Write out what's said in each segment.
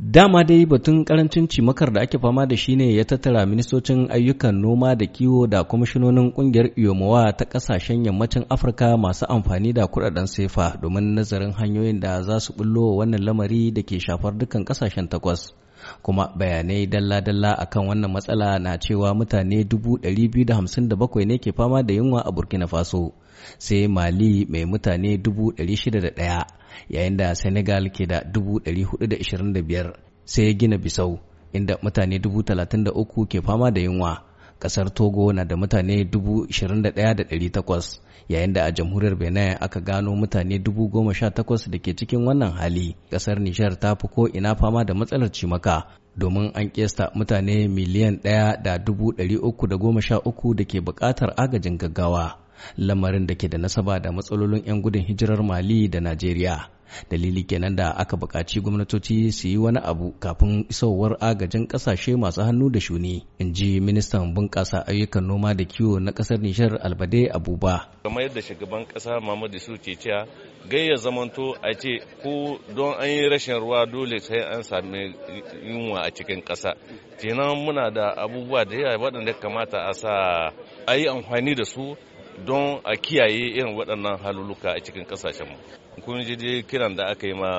Dama dai batun karancin cimakar da ake fama da shi ne ya tattara ministocin ayyukan noma da kiwo da kwamishinonin kungiyar iyomowa ta kasashen yammacin Afirka masu amfani da kudaden sefa domin nazarin hanyoyin da za su bullo wannan lamari da ke shafar dukkan kasashen takwas. kuma bayanai dalla-dalla akan wannan matsala na cewa mutane 257 ne ke fama da yunwa a burkina faso sai mali mai mutane 601 yayin da senegal ke da 425 sai gina bisau inda mutane 33 ke fama da yunwa kasar togo na da mutane 21,800 yayin da a jamhuriyar benin aka gano mutane 18,000 da ke cikin wannan hali kasar nishar ta fi ko ina fama da matsalar cimaka domin an kesta mutane miliyan 1,313 da ke bukatar agajin gaggawa lamarin da ke da nasaba da matsalolin 'yan gudun hijirar mali da najeriya dalili kenan da aka buƙaci gwamnatoci su yi wani abu kafin isowar agajin ƙasashe masu hannu da shuni in ji ministan bunƙasa ayyukan noma da kiwo na ƙasar nishar albade abuba kamar yadda shugaban ƙasa mamadu su ce cewa gayya zamanto a ce ko don an yi rashin ruwa dole sai an sami yunwa a cikin ƙasa kenan muna da abubuwa da yawa waɗanda kamata a sa a yi amfani da su don a kiyaye irin waɗannan haluluka a cikin ƙasashenmu kun ji kiran da aka yi ma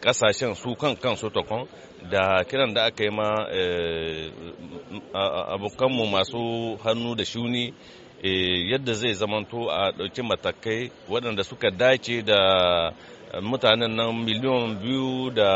kasashen su kan kansu takon da kiran da aka yi ma eh, abokanmu masu hannu da shuni eh, yadda zai zamanto a ɗauki matakai waɗanda suka dace da mutanen nan miliyan biyu da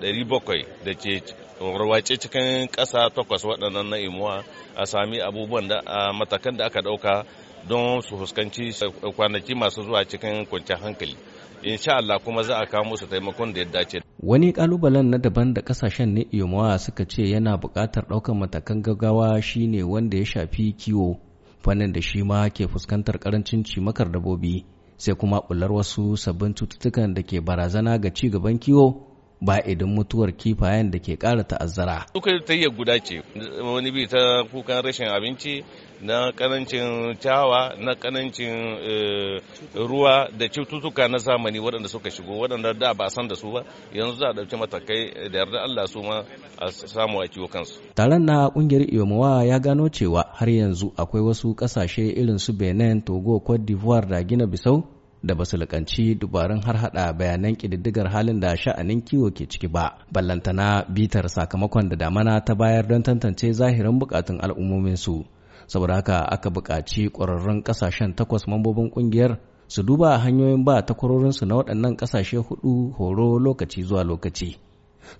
ɗari bakwai da ke warwace cikin ƙasa takwas waɗannan na imuwa a sami abubuwan da matakan da aka ɗauka don su fuskanci kwanaki masu zuwa cikin kwanciyar hankali insha Allah kuma za a kawo musu taimakon da ya dace wani kalubalen na daban da kasashen na suka ce yana buƙatar ɗaukar matakan gaggawa shine wanda ya shafi kiwo fannin da shi ma ke fuskantar karancin cimakar dabobi sai kuma bular wasu sabbin cututtukan da ke barazana ga ci gaban kiwo ba idan mutuwar kifayen da ke kara ta'azzara. duk ta guda ce, wani bi ta kukan rashin abinci na karancin ciyawa na karancin eh, ruwa da cututtuka na zamani waɗanda suka shigo waɗanda da ba san da su ba yanzu za a ɗauki matakai da yarda Allah su ma a samu a ciwo kansu. Taron na ƙungiyar Iyomawa ya gano cewa har yanzu akwai wasu ƙasashe irin su Benin, Togo, Cote d'Ivoire da Gina Bissau da basu lakanci dubarun har hada bayanan ƙididdigar halin da sha'anin kiwo ke ciki ba ballantana bitar sakamakon da damana ta bayar don tantance zahirin bukatun al'ummomin su saboda haka aka buƙaci ƙwararrun ƙasashen takwas mambobin ƙungiyar su duba hanyoyin ba ta su na waɗannan ƙasashe hudu horo lokaci zuwa lokaci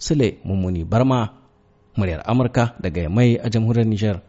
sule mummuni barma muryar amurka daga mai a jamhuriyar nijar